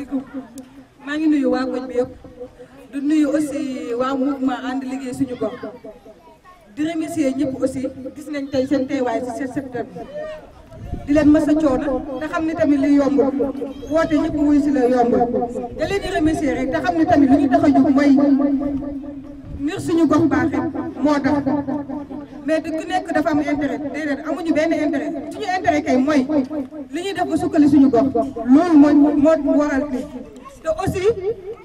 asalaamaaleykum maa ngi nuyu waa koñ bi yëpp du nuyu aussi waa mouvement ànd liggéey suñu gox di remercier ñëpp aussi gis nañ tey seen teewaay si seen secteur bi di leen mës a coono te xam ne tamit li yombul woote ñëpp wuy si la yombul da leen di remercier te xam ne tamit li ñu tax a mooy ngir suñu gox baaxee moo tax mais du ku nekk dafa am intérêt déedéet amuñu benn intérêt suñu intérêt kay mooy li ñu def ba sukkali suñu gox loolu mooy moo waral lii. te aussi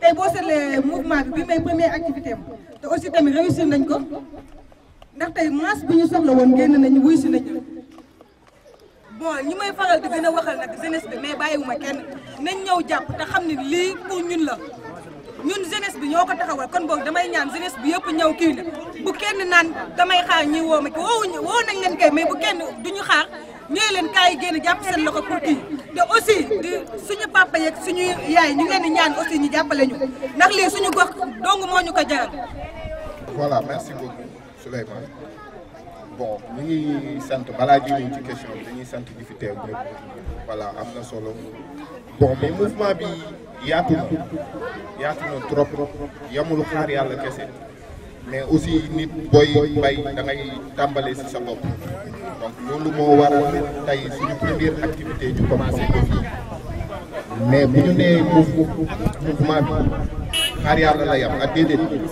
tey boo seetlee mouvement bi bi may première activité te aussi tamit réussir nañ ko ndax tey masse bi ñu soxla woon génn nañu wuy si nañu bon ñi may faral di gën a waxal nag jeunesse bi mais bàyyiwuma kenn nañ ñëw jàpp te xam ne lii pour ñun la. ñun jeunesse bi ñoo ko taxawal kon boog damay ñaan jeunesse bi yëpp ñëw kii na bu kenn naan damay xaar ñi woo ma ki woowuñu woo nañ leen kay mais bu kenn duñu xaar ñëwee leen kaay génn jàpp seen loxo pour kii te aussi di suñu papa yeeg suñu yaay ñu leen ñaan aussi ñu jàppale ñu ndax lii suñu gox dong moo ñu ko jaral. voilà merci beaucoup Souleymane bon ñu ngi sant balaa jëlee ci dañuy sant ñi fi teew ñëpp voilà am na solo bon mais mouvement bi. yaatu na yaatu na trop yamul xaar kese mais aussi nit booy bay da ngay tàmbalee si sa bopp donc loolu moo waral tey suñu première activité ñu commencé ko fii mais bu ñu nee mouvement bi xaar yàlla la yam ak ah, déedéet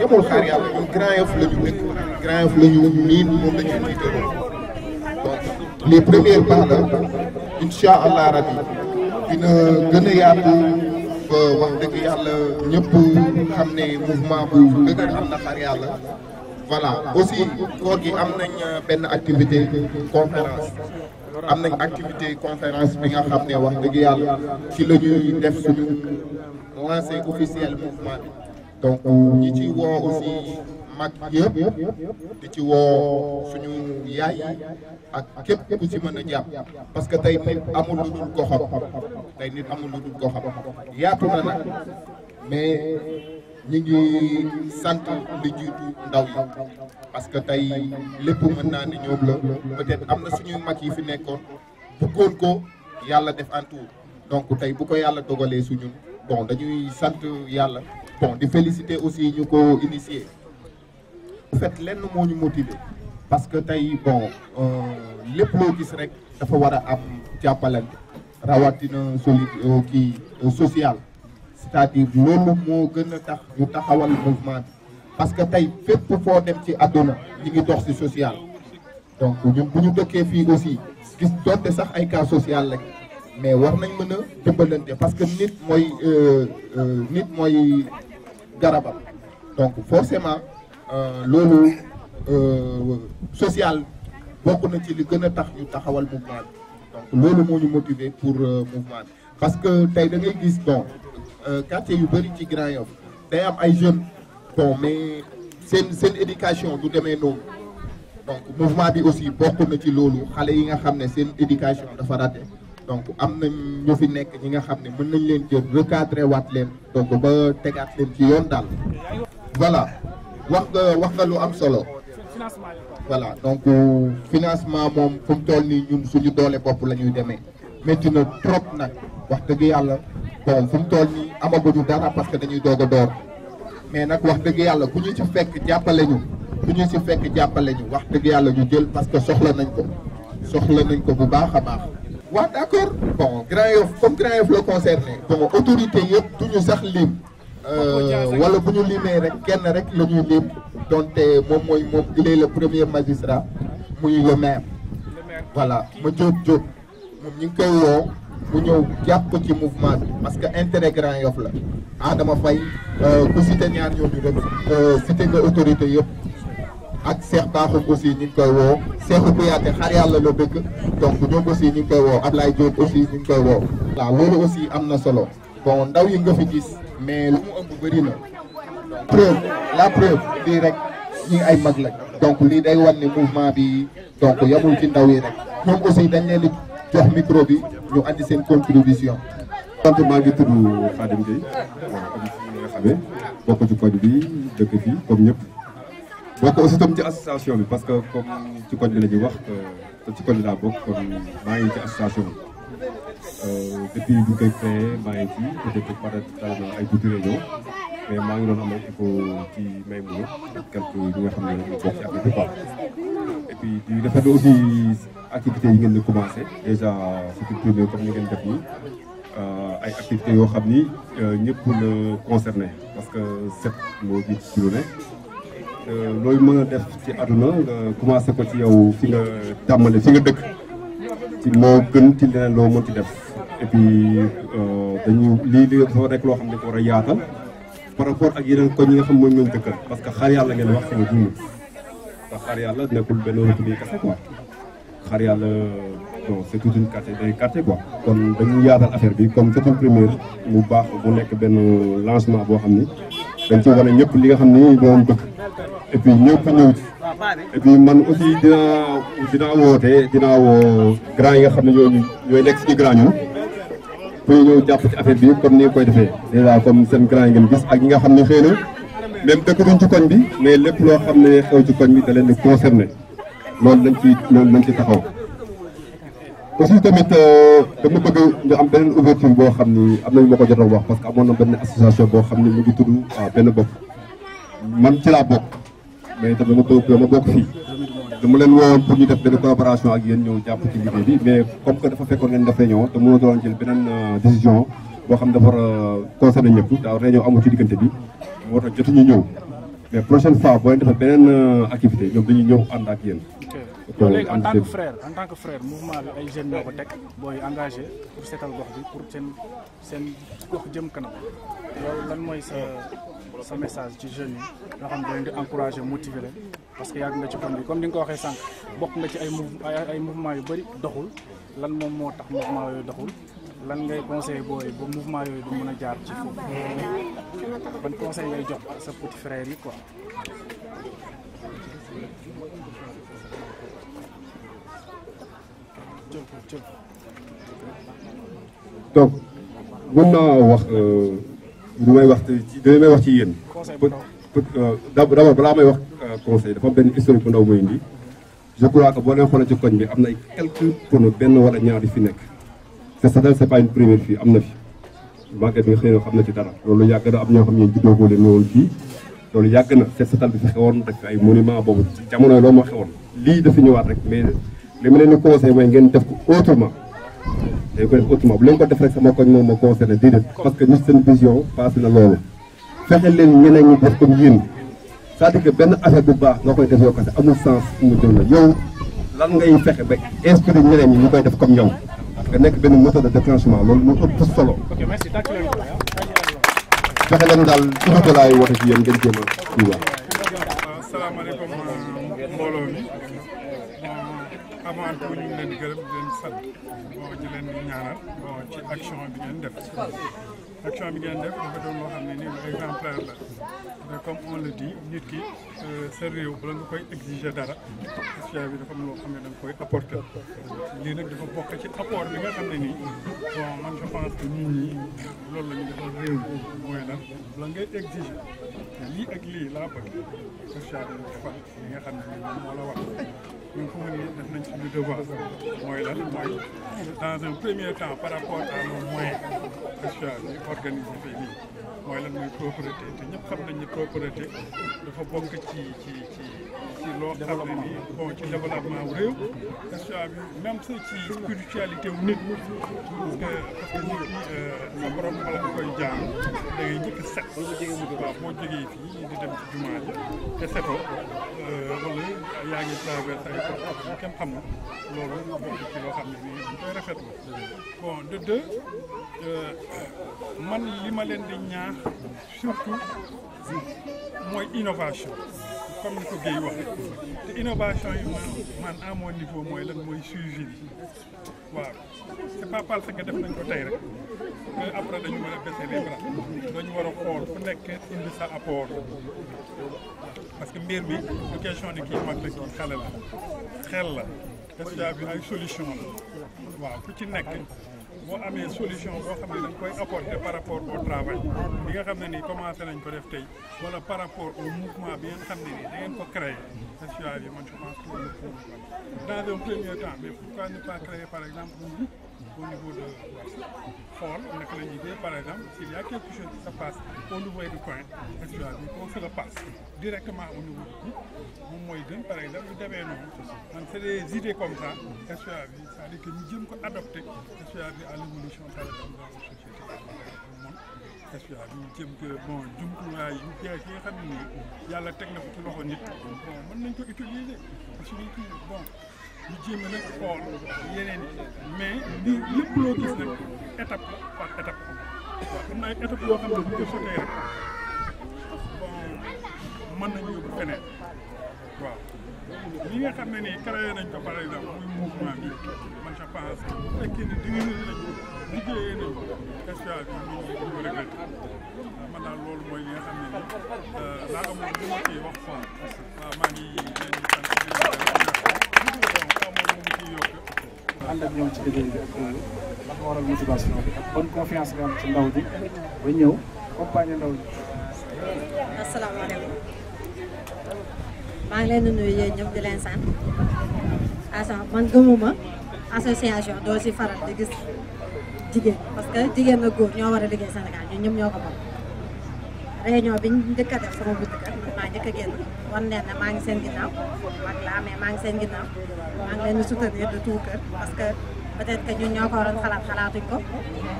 yamul xaar yàlla Grand Yoff la ñu dëkk Grand Yoff la ñu miin moom la ñuy jiitaloo donc les premiers pas la incha allah rabi dina gën a yaatu ba wax dëgg yàlla ñëpp xam ne mouvement bu dëgër am na xar yàlla voilà aussi koor gi am nañ euh, benn activité conférence am nañ activité conférence bi nga xam ne wax dëgg yàlla ci la ñuy def suñu lancé officiel mouvement donc ñi ci woo aussi mag yëpp di ci woo suñu yaay ak képp ku ci mën a jàpp parce que tey nit amul lu dul goxam tey nit amul lu dul goxam yaatu na nag mais ñu ngi sant li jiitu ndaw yi parce que tey lépp mën naa ni ñoom la peut am na suñuy mag yi fi nekkoon bëggoon ko yàlla def en donc tey bu ko yàlla dogalee suñu bon dañuy sant yàlla bon di féliciter aussi ñu ko initié fait lenn moo ñu motiver parce que tey bon euh, lépp loo gis rek dafa war a am jàppalante rawatina solide euh, kii euh, social c'est-à-dire loolu moo gën a tax ñu taxawal mouvement parce que tey fépp foo dem ci àdduna li ngi dox si social donc ñun bu ñu dëkkee fii aussi gis donte sax ay cas social rek mais war nañ mën a dimbalante parce que nit mooy nit mooy garabam donc forcément Euh, loolu euh, sociale bokk na ci li gën a tax ñu taxawal mouvement donc loolu moo ñu motiver pour euh, mouvement parce que tey da ngay gis bon quartier yu bëri ci Grand Yoff day am ay jeunes bon mais seen seen éducation du demee noonu donc mouvement bi aussi bokk na ci loolu xale yi nga xam ne seen éducation dafa raté donc am nañ ñu fi nekk ñi nga xam ne mën nañ leen jël recadré waat leen donc ba tegaat leen ci yoon daal voilà wax wax nga lu am solo voilà donc financement moom fu mu toll nii suñu doole bopp la ñuy demee métti trop nag wax dëgg yàlla bon fu mu toll nii amaguñu dara parce que dañuy doog a door mais nag wax dëgg yàlla ku ñu ci fekk jàppale ñu ku ñu ci fekk jàppale ñu wax dëgg yàlla ñu jël parce que soxla nañ ko soxla nañ ko bu baax a baax. waaw d'accord bon Grand Yoff comme Grand Yoff la concerné bon autorité yëpp duñu sax lim. Euh, wala bu ñu limee rek kenn rek la ñuy lim donte moom mooy moom il est le premier magistrat muy le maire voilà ma jóob jóob moom ñu ngi koy woo mu ñëw jàpp ci mouvement parce que intérêt Grand Yoff la Adama Faye euh, ku cité ñaar ñooñu rek euh, cité nga autorité yëpp ak Cheikh Bakhoum aussi ñu ngi koy woo Cheikhou Kouyaté xar yàlla la bëgg donc ñoom aussi ñu ngi koy woo Ablaye Diop aussi ñu ngi koy woo waaw loolu aussi am na solo bon ndaw yi nga fi gis mais lu mu ëmb bëri preuve la preuve lii rek ñi ay mag la donc lii day wan ni mouvement bi donc yamul ci ndaw yi rek ñoom aussi dañ leen di jox micro bi ñu andi seen contribution. sant maa ngi tudd Khadim Gueye comme nga xamee bokk ci koñ bi dëkk fii ñëpp. bokk aussi tam ci association bi parce que comme ci koñ bi la ñuy wax euh, ci koñ laa boo kon maa ngi ci association Euh, depuis bi ñu koy créé maa ngi ci peut-être peut ay tuuti réunion mais maa ngi doon am ay échos ci may mu ak quelques ñi nga xam ne ñu bokk ci affaire bi quoi. et puis aussi activités yi ngeen di commencé déjà c'est une première comme ni ngeen def nii euh, ay activités yoo xam ni euh, ñëpp la concerné parce que set moo jiitu ci lu ne. looy mën def ci àdduna nga commencé ko ci yow fi nga tàmmale fi nga dëkk ci moo gën ci leneen loo mën ci def. et puis euh, dañu lii li dafa nekk loo xam ne ko war a yaatal par rapport ak yeneen koñ yi nga xam mooy parce que xaar yàlla ngeen wax sama juml ndax xaar yàlla nekkul benn rëtuni kese quoi xaar yàlla bon c'est tout une kon dañu yaatal affaire bi comme c'est une première mu baax bu nekk benn lancement boo xam ni dañ ci wane ñëpp li nga xam ni moom dëkk et puis ñëpp ñëw ci et puis man aussi dinaa woote dinaa woo grand yi nga xam ne ñooñu ñooy nekk suñu grand ñun pour ñu ñëw jàpp ci affaire bi comme ni nga koy defee dèjà comme seen grand yi ngeen gis ak nga xam ne xëy na même dëkkatuñ ci koñ bi mais lépp loo xam ne xew ci koñ bi da leen di concerné loolu lañ ci loolu lañ ci taxaw. aussi tamit euh, dama bëgg ñu am beneen ouverture boo xam ne am nañ ma ko jotoon wax parce que amoon na benn association boo xam ne mu ngi tudd benn bopp man ci laa bokk mais tamit ma bokk ma bokk fii. dama leen woowoon pour ñu def benn collaboration ak yéen ñëw jàpp ci liggéey bi mais comme que dafa fekkoon ngeen def réunion te mënoo doon jël beneen euh, décision boo xam dafa euh, concerné ñëpp daaw réunion amul ci diggante ñëw mais prochaine fois boo leen defee beneen euh, activité ñoom dañuy ñëw ànd ak yéen. donc léegi en tant que frère en tant que frère mouvement bi ay jeunes ñoo ko teg booy engagé pour seetal gox bi pour seen seen gox jëm kanam loolu lan sa message ci jeunes yi nga xam ne di encouragé motiver leen parce que yàgg nga ci kon bi comme ni nga ko waxee sànq bokk nga ci ay ay mouvement yu bëri doxul lan moom moo tax mouvement yooyu doxul lan ngay conseil booy ba mouvement yooyu du mun a jaar ci foofu ban conseil ngay jox sa petit frère yi quoi naa wax euh, lu may wax ci li may wax ci yéen. Euh, d'abord balaa may wax euh, conseil dafa am benn historique bu ndaw mooy indi je boo leen xoolee ci koñ bi am na quelques pono benn wala ñaar yu nekk te ça c'est pas fii am na fi màgget bi nga xëy na xam na ci dara loolu yàgg na am ñoo xam ne juddoo ko leen fii loolu yàgg na seet satal bi fi xewoon rek ay monument boobu jamono loolu moo xewoon lii dafa ñëwaat rek mais li ma leen di conseil mooy ngeen def ko autrement dañ koy def autrement bu leen rek sama koñ moom moo concerné déedéet parce que ñun seen vision passé na loolu fexe leen ñeneen ñi def comme yéen cest à benn affaire bu baax nga koy def yoo kese amul sens mu jël la yow lan ngay fexe ba inspiré ñeneen ñi ñu koy def comme yow nga nekk benn moteur de déclenchement loolu moo ëpp solo ah. fexe leen daal ci rajo laay woote ci yéen ngeen jéem a avant tout ñu ngi leen di gërëm di leen sant bon di leen ñaanal bon ci action di ngeen def. action bi ngeen def dafa doon loo xam ne nii lu la mais comme on le dit euh, nga koy exiger dara action bi dafa am loo xam ne da nga koy apporter lii nag dafa bokk ci apport bi nga xam ne nii bon man je pense que loolu la ñu defal réew mooy lan bala ngay exiger lii ak lii laa bëgg action bi dafa li nga xam ne nii moo la wax ñun fu mu ne def nañ suñu devoir mooy lan mooy dans un premier temps par rapport à nos moyens action bi organisé fii nii mooy lan mooy te ñëpp xam nañ ni propreté dafa bokk ci ci ci ci loo xam ne nii bon ci développement wu réew question bi même nit parce que parce que euh, nga koy jaam da ngay set waaw boo jógee fii di dem jumaa ja te setoo yaa ngi traversé ay problèmes kenn xamul loolu bokk ci xam ne nii dañ koy rafetlu bon de deux euh, man li ma leen di ñaax surtout mooy innovation comme ni ko Guèye waxee te innovation yi man man à niveau mooy lan mooy suivi bi waaw c'est pas parce que def nañ ko tey rek. Euh, après dañu mën a baisser les bras dañu war a xool fu nekk indi sa apport parce que mbir mi du question ni kii mag la kii xale la xel la ay solution la waaw ku ci nekk boo amee solution boo xam ne dañ koy apporter par rapport au travail bi nga xam ne nii commencé nañ ko def tey wala par rapport au mouvement bi ngeen xam ne nii da ngeen ko créer état bi man je pense que dans un premier temps mais pourquoi ne pas créer par exemple au niveau de xool naka la ñuy par exemple s'il y a quelque chose qui se passe niveau du coin actuellement bi qu'on se repasse directement au niveau du groupe moom mooy gën par exemple lu demee noonu man c'est des idées comme ça actuellement bi sa à dire que ñu jëm ko adopté actuellement bi à l'évolution par exemple dans la société moom bi ñu jëm que bon jumtuwaay yu bees yi nga xam ne yàlla teg na ko ci loxo nit bon mën nañ ko utiliser parce que bon ñu jéem a nag xool yeneen mais li lépp loo gis nag étape par étape waaw am na ay étape yoo xam ne bu ko sotee rek bon mën nañu yóbbu feneen waaw li nga xam ne nii créé nañ ko par exemple muy mouvement bi man je pense bu fekkee ne dëgg nañ ko liggéeyee nañ ko question bi nit ñi duñ ko regretté man daal loolu mooy li nga xam ne nii euh, laa amoon lu ma ciy wax quoi waaw maa ngi leen di sant ànd ñoom ci liggéey bi ak loolu lan moo bi ak bonne confiance nga ñëw accompagner ndaw bi. asalaamaaleykum maa ngi leen di nuyu yéen ñëpp di leen sant asa man gëmuma association doo si faral di gis jigéen parce que jigéen ak góor ñoo war a liggéey Sénégal ñun ñëpp ñoo ko moom réunion bi ñu njëkk a def sama laa njëkk a génn wan leen ne maa ngi seen ginnaaw mag laa mais maa ngi seen ginnaaw maa ngi leen di soutenir de tout parce que peut-être ñun ñoo ko waroon xalaat xalaatuñ ko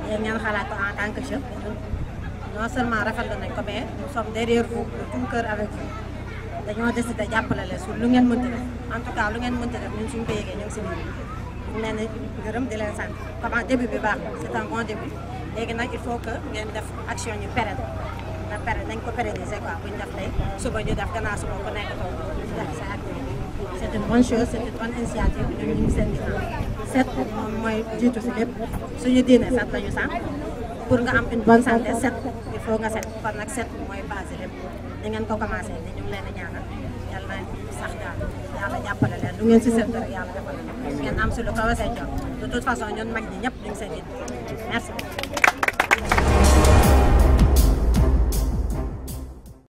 yéen ngeen xalaat ko en tant que jeune non seulement rafetlu nañ ko mais nous sommes derrière vous de jàppale leen su lu ngeen mënti def en lu ngeen mënti dem ñun suñu ko yëgee ñu ngi si biir ñu leen gërëm di leen sant comment début bi baax c'est un bon début léegi nag il faut que ngeen def action ñu pérenne pere nañ ko pérenniser quoi bu ñu def tey suba ñu def gannaaw suba ku nekk toog def sa activité set moom mooy jiitu si lépp suñu diine set la ñu pour nga am une bonne santé set il faut nga set kon nag set mooy base lépp di ngeen ko commencé ni ñu ngi leen ñaanal yal sax daal yàlla jàppale leen lu ngeen si set rek yàlla defal ngeen am si lu ko wasee jot de toute façon ñun mag ñi ñëpp ñu ngi seen merci